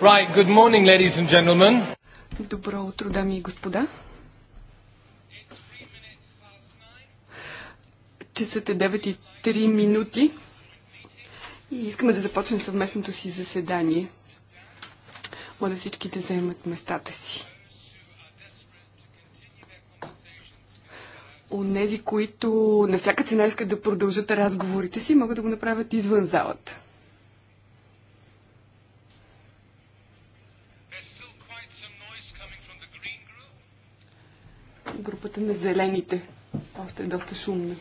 Right, good morning, ladies and gentlemen. Добро утро, дами и господа. Часът е 9.3 минути и искаме да започнем съвместното си заседание. Моля всички да заемат местата си. Онези, които на всяка цена искат да продължат разговорите си, могат да го направят извън залата. групата на зелените. Още е доста шумна.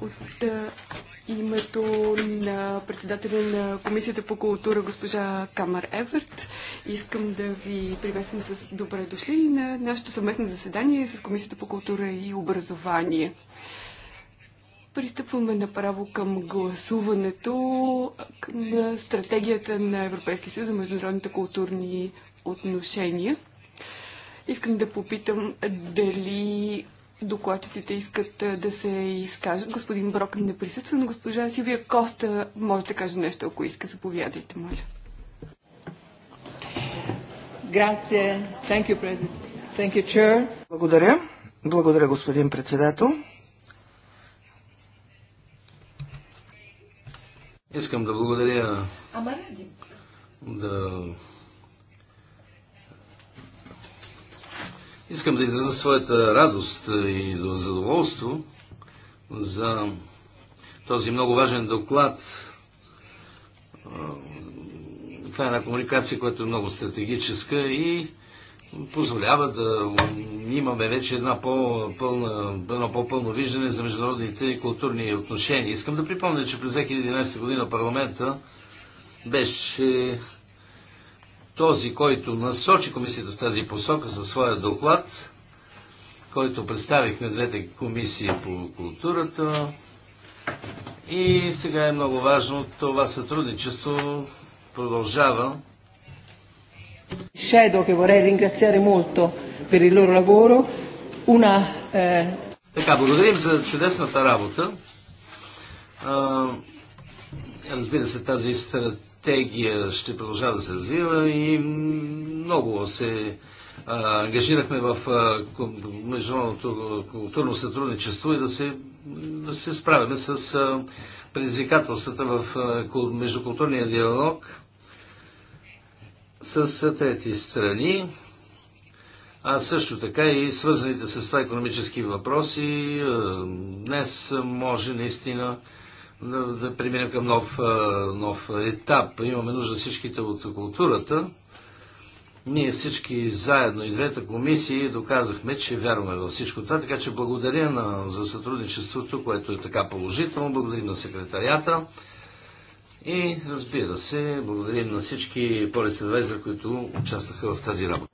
От името на председателя на Комисията по култура госпожа Камър Еверт. Искам да ви приветствам с добре дошли на нашето съвместно заседание с Комисията по култура и образование. Пристъпваме направо към гласуването към стратегията на Европейския съюз за международните културни отношения. Искам да попитам дали докладчиците искат да се изкажат. Господин Брок не присъства, но госпожа Силвия Коста може да каже нещо, ако иска. Заповядайте, моля. Грация. Thank you, President. Thank you, Chair. Благодаря. Благодаря, господин председател. Искам да благодаря Ама, да Искам да изразя своята радост е, и задоволство за този много важен доклад. Е, това е една комуникация, която е много стратегическа и позволява да имаме вече една по-пълна, едно по-пълно виждане за международните и културни отношения. Искам да припомня, че през 2011 година парламента беше този, който насочи комисията в тази посока със своя доклад, който представих на двете комисии по културата. И сега е много важно това сътрудничество продължава. Шедо, che vorrei ringraziare molto per il loro lavoro. Una, eh, Така, благодарим за чудесната работа. Разбира се, тази стратегия стратегия ще продължава да се развива и много се а, ангажирахме в международното културно сътрудничество и да се, да се справяме с а, предизвикателствата в а, междукултурния диалог с трети страни, а също така и свързаните с това економически въпроси. Днес може наистина да, преминем към нов, нов етап. Имаме нужда всичките от културата. Ние всички заедно и двете комисии доказахме, че вярваме във всичко това, така че благодаря на, за сътрудничеството, което е така положително, благодарим на секретарията и разбира се, благодарим на всички полицейски които участваха в тази работа.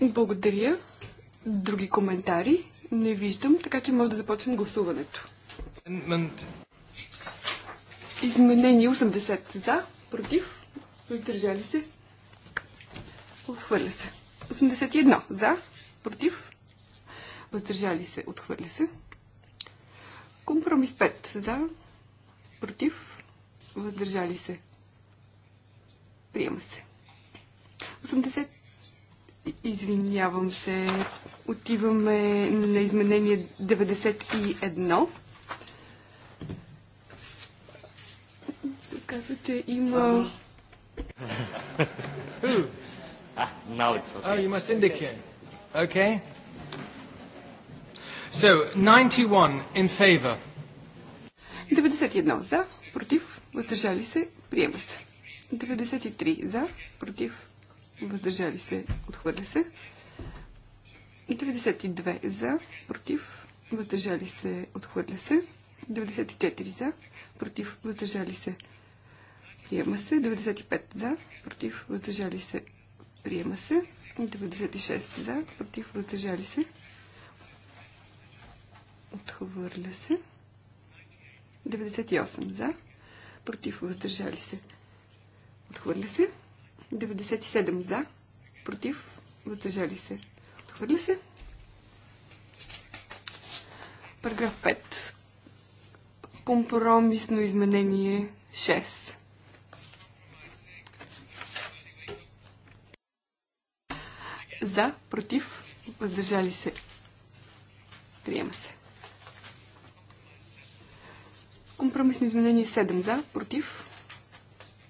Благодаря. Други коментари? Не виждам, така че може да започнем гласуването. Изменени 80 за, против, въздържали се, отхвърля се. 81 за, против, въздържали се, отхвърля се. Компромис 5 за, против, въздържали се, приема се. 80 Извинявам се. Отиваме на изменение 91. Казва, че има... Ah, oh, So, 91 in favor. 91 за, против, въздържали се, приема се. 93 за, против, въздържали се, отхвърля се. 92 за, против, въздържали се, отхвърля се. 94 за, против, въздържали се, приема се. 95 за, против, въздържали се, приема се. 96 за, против, въздържали се, отхвърля се. 98 за, против, въздържали се, отхвърля се. 97 за, против, въздържали се. Отхвърля се. Параграф 5. Компромисно изменение 6. За, против, въздържали се. Приема се. Компромисно изменение 7 за, против,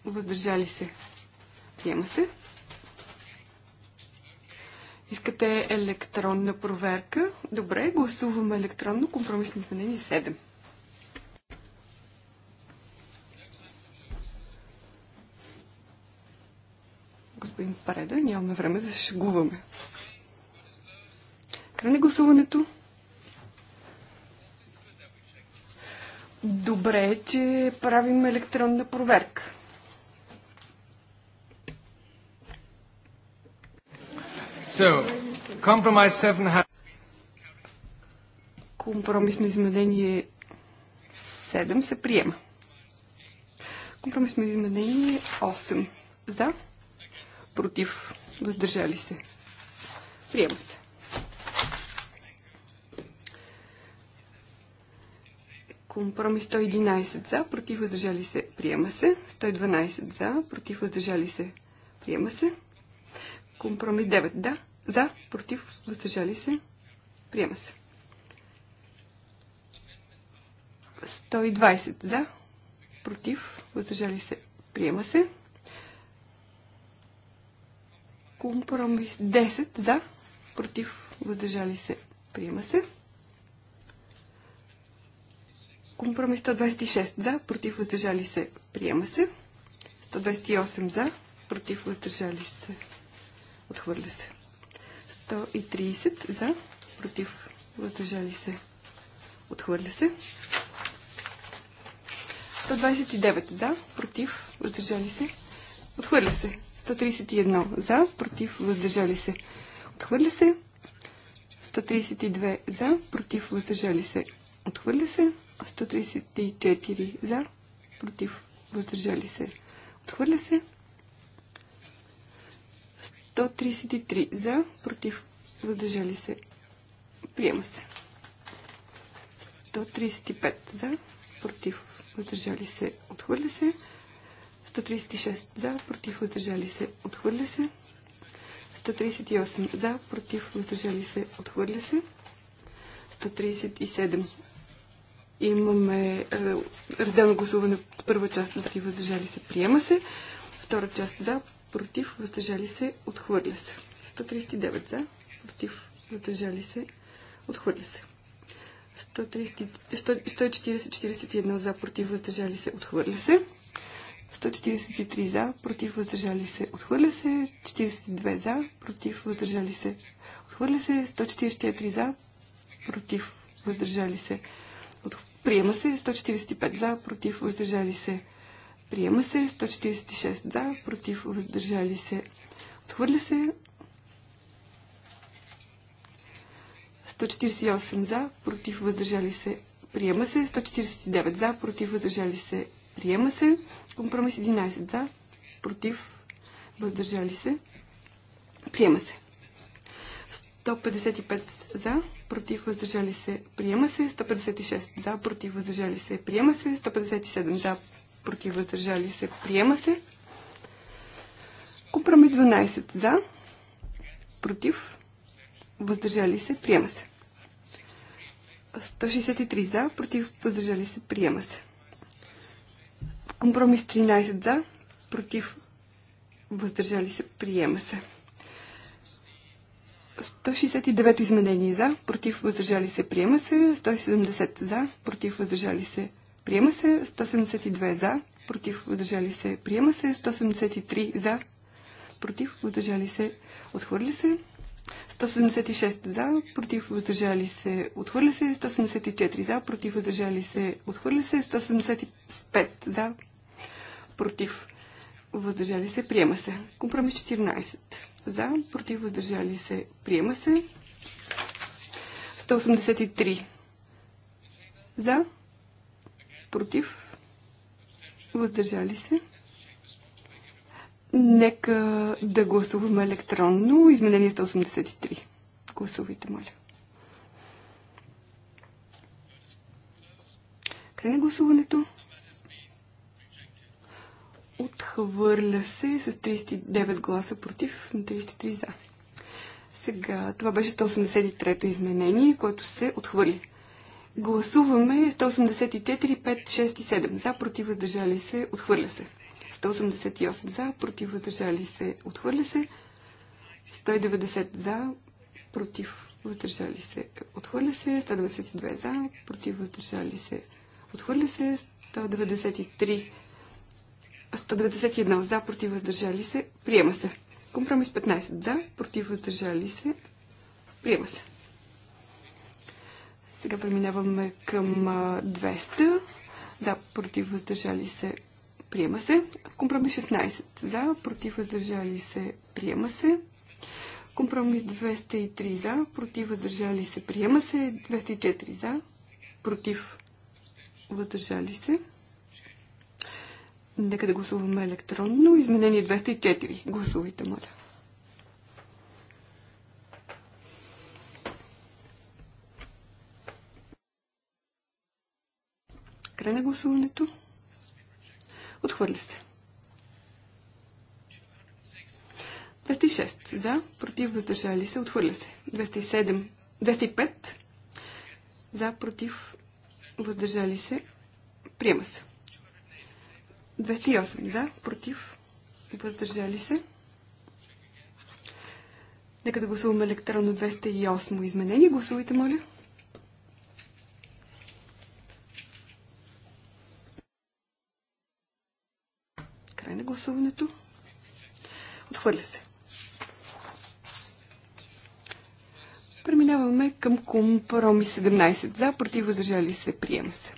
въздържали се. Приема се. Искате електронна проверка? Добре, гласуваме електронно. Компромисно изменение 7. Господин Пареда, нямаме време да се шегуваме. Край гласуването. Добре, че правим електронна проверка. So, compromise has... Компромисно изменение 7 се приема. Компромисно изменение 8. За, против, въздържали се. Приема се. Компромис 111 за, против въздържали се, приема се. 112 за, против въздържали се, приема се. Компромис 9 да, за, против, въздържали се, приема се. 120 за, против, въздържали се, приема се. Компромис 10 за, против, въздържали се, приема се. Компромис 126 за, против, въздържали се, приема се. 128 за, против, въздържали се, отхвърля се. 130 за, против, въздържали се, отхвърля се. 129 за, против, въздържали се, отхвърля се. 131 за, против, въздържали се, отхвърля се. 132 за, против, въздържали се, отхвърля се. 134 за, против, въздържали се, отхвърля се. 133 за, против, въздържали се, приема се. 135 за, против, въздържали се, отхвърля се. 136 за, против, въздържали се, отхвърля се. 138 за, против, въздържали се, отхвърля се. 137 имаме е, разделно гласуване първа част за, против, въздържали се, приема се. Втора част за, против, въздържали се, отхвърля се. 139 за, против, въздържали се, отхвърля се. 140-41 за, против, въздържали се, отхвърля се. 143 за, против, въздържали се, отхвърля се. 42 за, против, въздържали се, отхвърля се. 144 за, против, въздържали се, приема се. 145 за, против, въздържали се, Приема се 146 за, против въздържали се. Отхвърля се 148 за, против въздържали се. Приема се 149 за, против въздържали се. Приема се компромис 11 за, против въздържали се. Приема се. 155 за, против въздържали се, приема се, 156 за, против въздържали се, приема се, 157 за, против въздържали се, приема се. Компромис 12 за, против, въздържали се, приема се. 163 за, против, въздържали се, приема се. Компромис 13 за, против, въздържали се, приема се. 169 изменение за, против, въздържали се, приема се. 170 за, против, въздържали се, Приема се 172 за, против, въздържали се. Приема се 173 за, против, въздържали се. Отхвърли се. 176 за, против, въздържали се. Отхвърли се. 174 за, против, въздържали се. Отхвърли се. 175 за, против, въздържали се. Приема се. Компромис 14 за, против, въздържали се. Приема се. 183 за, против, въздържали се. Нека да гласуваме електронно. Изменение 183. Гласувайте, моля. Край на гласуването. Отхвърля се с 39 гласа против на 33 за. Сега, това беше 183-то изменение, което се отхвърли. Гласуваме 184, 5, 6 и 7. За, против, въздържали се, отхвърля се. 188 за, против, въздържали се, отхвърля се. 190 за, против, въздържали се, отхвърля се. 192 за, против, въздържали се, отхвърля се. 193 191 за, против, въздържали се, приема се. Компромис 15 за, против, въздържали се, приема се. Сега преминаваме към 200. За, против, въздържали се, приема се. Компромис 16. За, против, въздържали се, приема се. Компромис 203 за, против, въздържали се, приема се. 204 за, против, въздържали се. Нека да гласуваме електронно. Изменение 204. Гласувайте, моля. Край на гласуването. Отхвърля се. 206 за, против, въздържали се, отхвърля се. 207, 205 за, против, въздържали се, приема се. 208 за, против, въздържали се. Нека да гласуваме електронно 208 изменение. Гласувайте, моля. гласуването. Отхвърля се. Преминаваме към компроми 17 за, против въздържали се, приема се.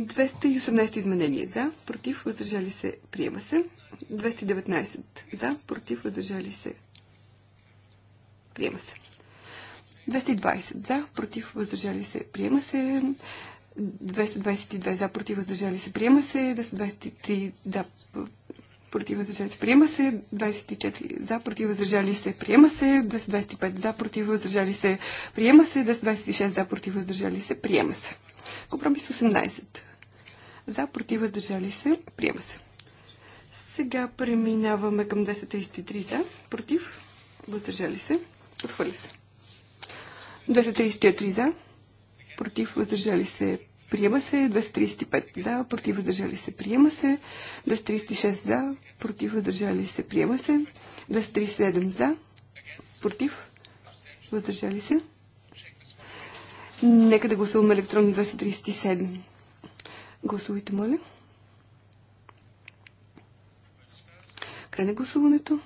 218 изменение за, против въздържали се, приема се. 219 за, против въздържали се, приема се. 220 за, против въздържали се, приема се. 222 за против въздържали се приема се, 223 за против въздържали се приема се, 24 за против въздържали се приема се, 225 за против въздържали се приема се, 226 за против въздържали се приема се. Компромис 18. За против въздържали се приема се. Сега преминаваме към 233 за против въздържали се отхвърли се. 234 за против въздържали се Приема се 235 за, против въздържали се. Приема се 236 за, против въздържали се. Приема се 237 за, против въздържали се. Нека да гласуваме електронно 237. Гласувайте, моля. Край на гласуването.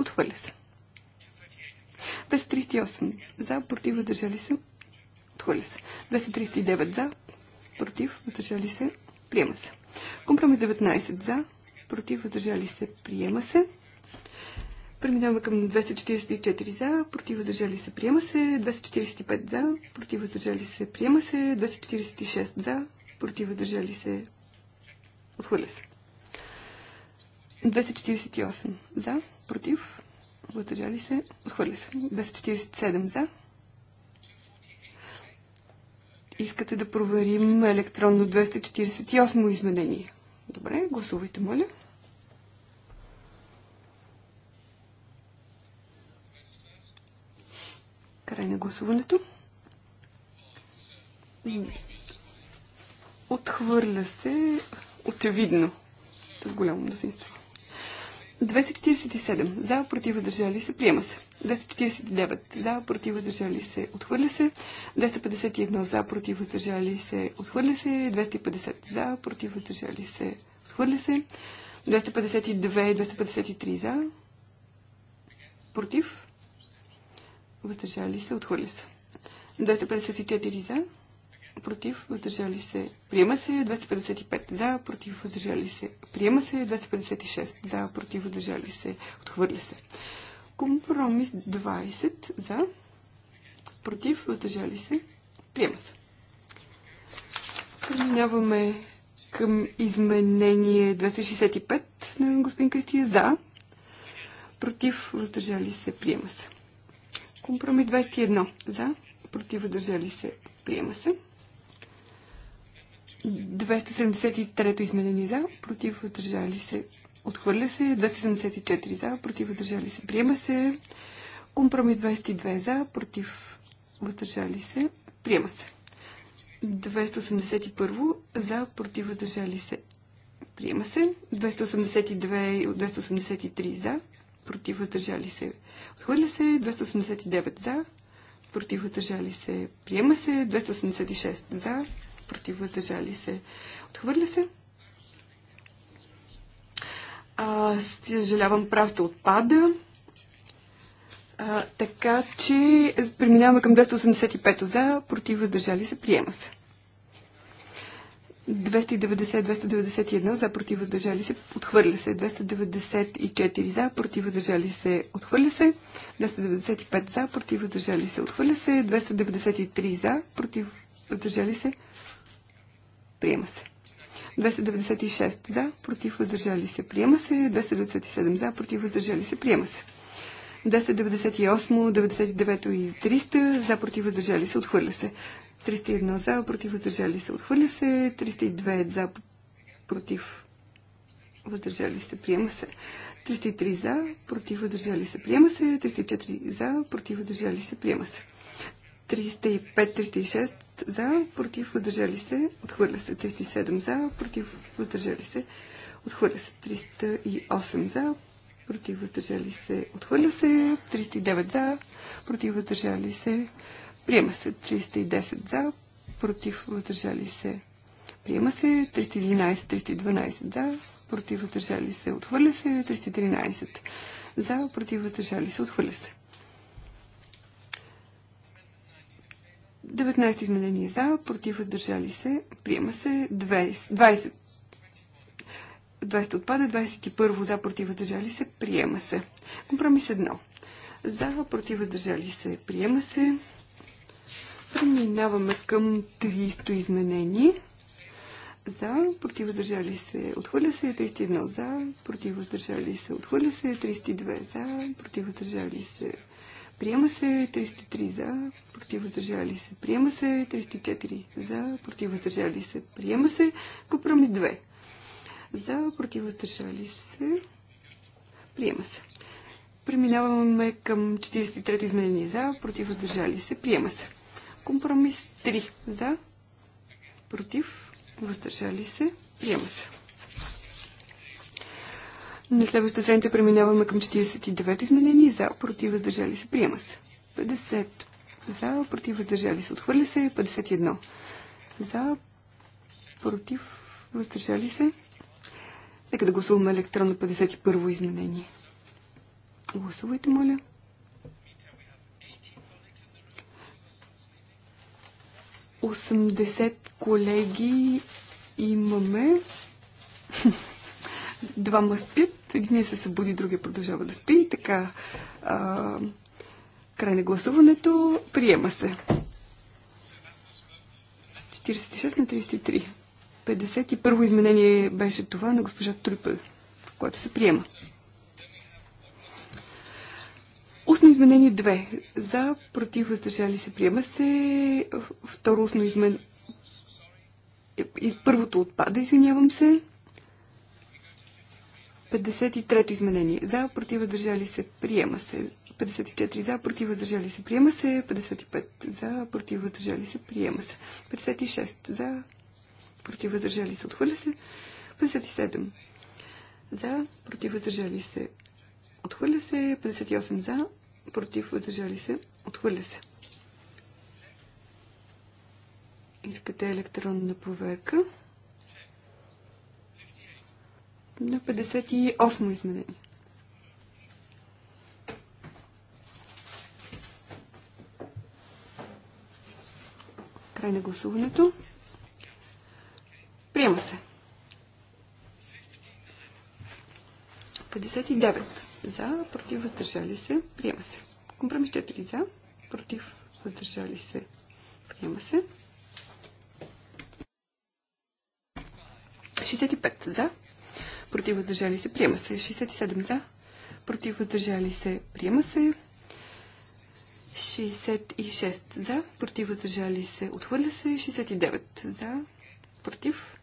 Отхвърля се. 238 за, против въздържали се. Отхвърля се. 239 за, против, въздържали се, приема се. Компромис 19 за, против, въздържали се, приема се. Преминаваме към 244 за, против въздържали се, приема се, 245 за, против въздържали се, приема се, 246 за, против въздържали се, отхвърля се. 248 за, против, въздържали се, отхвърля се. 247 за, Искате да проверим електронно 248 изменение. Добре, гласувайте, моля. Край на гласуването. Отхвърля се очевидно с голямо мнозинство. 247. За, против, въздържали се. Приема се. 249. За, против, въздържали се. Отхвърля се. 251. За, против, въздържали се. Отхвърля се. 250. За, против, въздържали се. Отхвърля се. 252 и 253 за. Против. Въздържали се. Отхвърля се. 254 за против, въздържали се, приема се 255 за, против, въздържали се, приема се 256 за, против, въздържали се, отхвърля се. Компромис 20 за, против, въздържали се, приема се. Преминаваме към изменение 265 на господин Кристия за, против, въздържали се, приема се. Компромис 21 за, против, въздържали се, приема се. 273 то изменени за, против въздържали се. Отхвърля се. 274 за, против въздържали се. Приема се. Компромис 22 за, против въздържали се. Приема се. 281 за, против въздържали се. Приема се. 282 и 283 за, против въздържали се. Отхвърля се. 289 за, против въздържали се. Приема се. 286 за, против, въздържали се, отхвърля се. А, съжалявам, прав се отпада. А, така че преминаваме към 285 за, против, въздържали се, приема се. 290-291 за против въздържали се, отхвърля се. 294 за против въздържали се, отхвърля се. 295 за против въздържали се, отхвърля се. 293 за против въздържали се, Приема се. 296 за, против въздържали се, приема се. 297 за, против въздържали се, приема се. 298, 99 и 300 за, против въздържали се, отхвърля се. 301 за, против въздържали се, отхвърля се. 302 за, против въздържали се, приема се. 303 за, против въздържали се, приема се. 304 за, против въздържали се, приема се. 305-306 за, против, въздържали се, отхвърля се 307 за, против, въздържали се, отхвърля се 308 за, против, въздържали се, отхвърля се 309 за, против, въздържали се, приема се 310 за, против, въздържали се, приема се 311-312 за, против, въздържали се, отхвърля се 313 за, против, въздържали се, отхвърля се. 19 изменения за, против, въздържали се, приема се 20. 20, 20 отпада, 21 за, против, въздържали се, приема се. Компромис 1. За, против, въздържали се, приема се. Преминаваме към 300 изменение. За, против, въздържали се, отхвърля се, 31 за, против, въздържали се, отхвърля се, 32 за, против, въздържали се, Приема се 303 за, против въздържали се. Приема се 304 за, против въздържали се. Приема се компромис 2 за, против въздържали се. Приема се. Преминаваме към 43-то изменение за, против въздържали се. Приема се. Компромис 3 за, против въздържали се. Приема се. На следващата страница преминаваме към 49-то изменение. За, против, въздържали се, приема се. 50. За, против, въздържали се, отхвърля се. 51. За, против, въздържали се. Нека да гласуваме електронно 51-во изменение. Гласувайте, моля. Осемдесет колеги имаме. Двама спят. Единия се събуди, другия продължава да спи. така, а, край на гласуването, приема се. 46 на 33. 51 изменение беше това на госпожа Трипъл, което се приема. Устно изменение 2. За, против, въздържали се, приема се. Второ устно измен... Е, първото отпада, извинявам се. 53-то изменение. За, против, въздържали се, приема се. 54 за, против, въздържали се, приема се. 55 за, против, въздържали се, приема се. 56 за, против, въздържали се, отхвърля се. 57 за, против, въздържали се, отхвърля се. 58 за, против, въздържали се, отхвърля се. Искате електронна проверка? на 58 изменение. Край на гласуването. Приема се. 59 за, против, въздържали се. Приема се. Компромис 4 за, против, въздържали се. Приема се. 65 за, против въздържали се, приема се. 67 за, против въздържали се, приема се. 66 за, против въздържали се, отхвърля се. 69 за, против,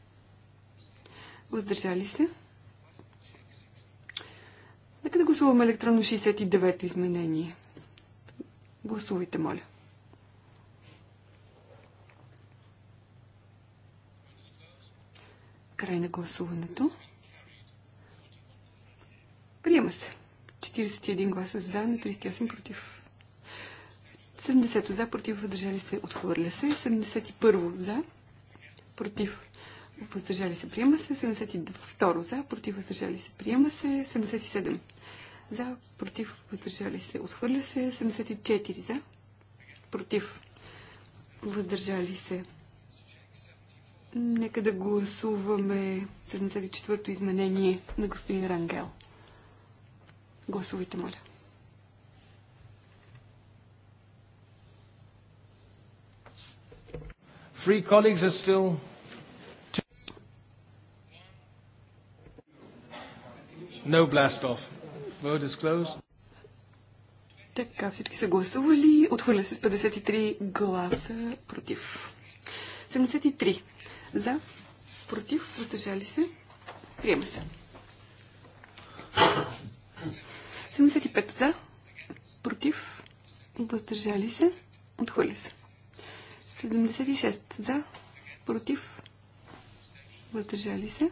въздържали се. Нека да гласуваме електронно 69-то изменение. Гласувайте, моля. Край на гласуването. 41 гласа за, 38 против. 70 за, против, въздържали се, отхвърля се. 71 за, против, въздържали се, приема се. 72 за, против, въздържали се, приема се. 77 за, против, въздържали се, отхвърля се. 74 за, против, въздържали се. Нека да гласуваме 74-то изменение на господин Рангел. Гласувайте, моля. Free colleagues are still... No blast off. Vote is closed. Така, всички са гласували. Отхвърля се с 53 гласа против. 73 за, против, въздържали се. Приема се. 75 за, против, въздържали се, отхвърли се. 76 за, против, въздържали се.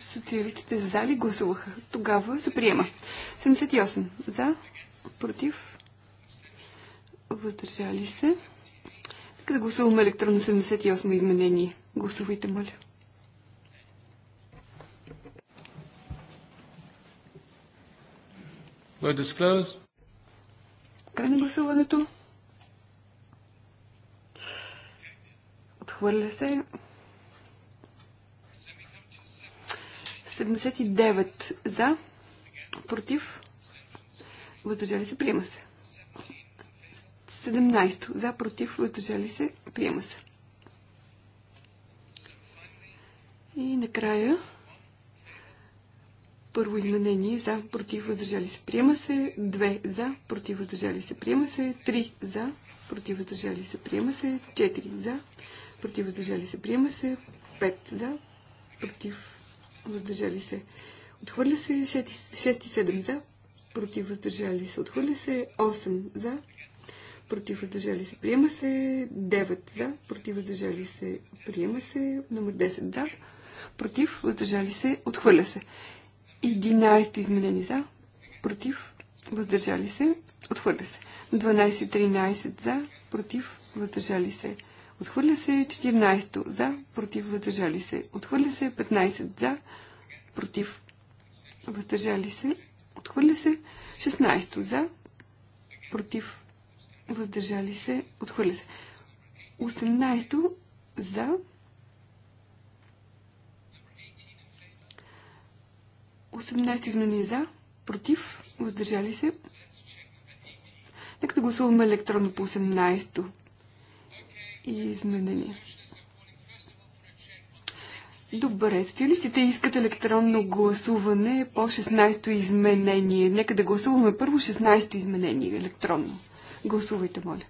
Социалистите за ли гласуваха? Тогава се приема. 78 за, против, въздържали се. Така да гласуваме електронно 78 изменение. Гласувайте, моля. Край на гласуването. Отхвърля се. 79 за, против, въздържали се, приема се. 17 за, против, въздържали се, приема се. И накрая първо изменение за, против, въздържали се, приема се. 2 за, против, въздържали се, приема се. 3 за, против, въздържали се, приема се. 4 за, против, въздържали се, приема се. 5 за, против, въздържали се. Отхвърля се 6, и седем за, против, въздържали се. Отхвърля се 8 за, против, въздържали се, приема се. 9 за, против, въздържали се, приема се. Номер 10 за, против, въздържали се, отхвърля се. 11 изменени за, против, въздържали се, отхвърля се. 12-13 за, против, въздържали се, отхвърля се. 14 за, против, въздържали се, отхвърля се. 15 за, против, въздържали се, отхвърля се. 16 за, против, въздържали се, отхвърля се. 18 за, 18 изменение за, против, въздържали се. Нека да гласуваме електронно по 18-то изменение. Добре, социалистите искат електронно гласуване по 16-то изменение. Нека да гласуваме първо 16-то изменение електронно. Гласувайте, моля.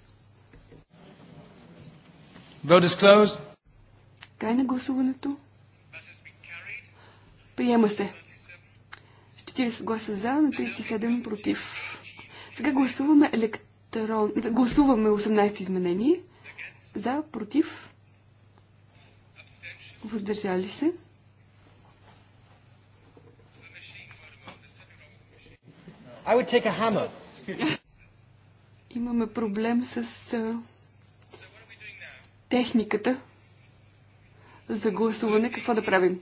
Vote is closed. Край на гласуването. Приема се. 40 гласа за, на 37 против. Сега гласуваме електрон... Гласуваме 18 изменение. За, против. Въздържали се. I would take a hammer. Имаме проблем с а, техниката за гласуване. Какво да правим?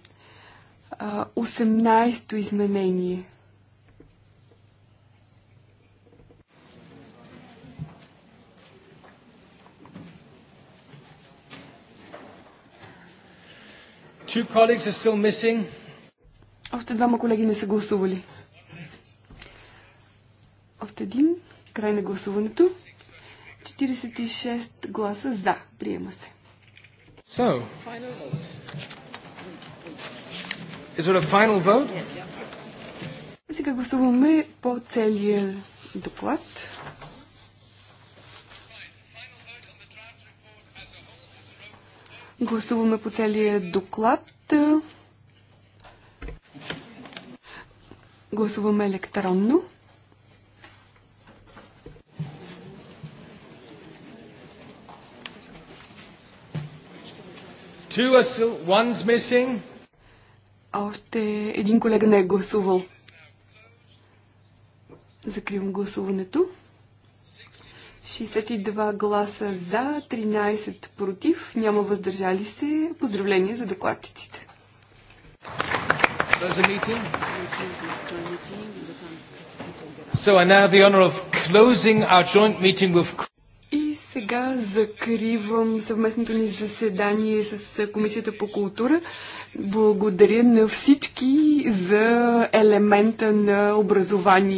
18-то изменение. Two colleagues are still missing. Още двама колеги не са гласували. Още един. Край на гласуването. 46 гласа за. Приема се. So, Is a final vote? Yes. Сега гласуваме по целия доклад. Гласуваме по целия доклад. Гласуваме електронно. Two are still, one's missing. Още един колега не е гласувал. Закривам гласуването. 62 гласа за, 13 против, няма въздържали се. Поздравление за докладчиците. So I now have the honor of closing our joint meeting with сега закривам съвместното ни заседание с Комисията по култура. Благодаря на всички за елемента на образование.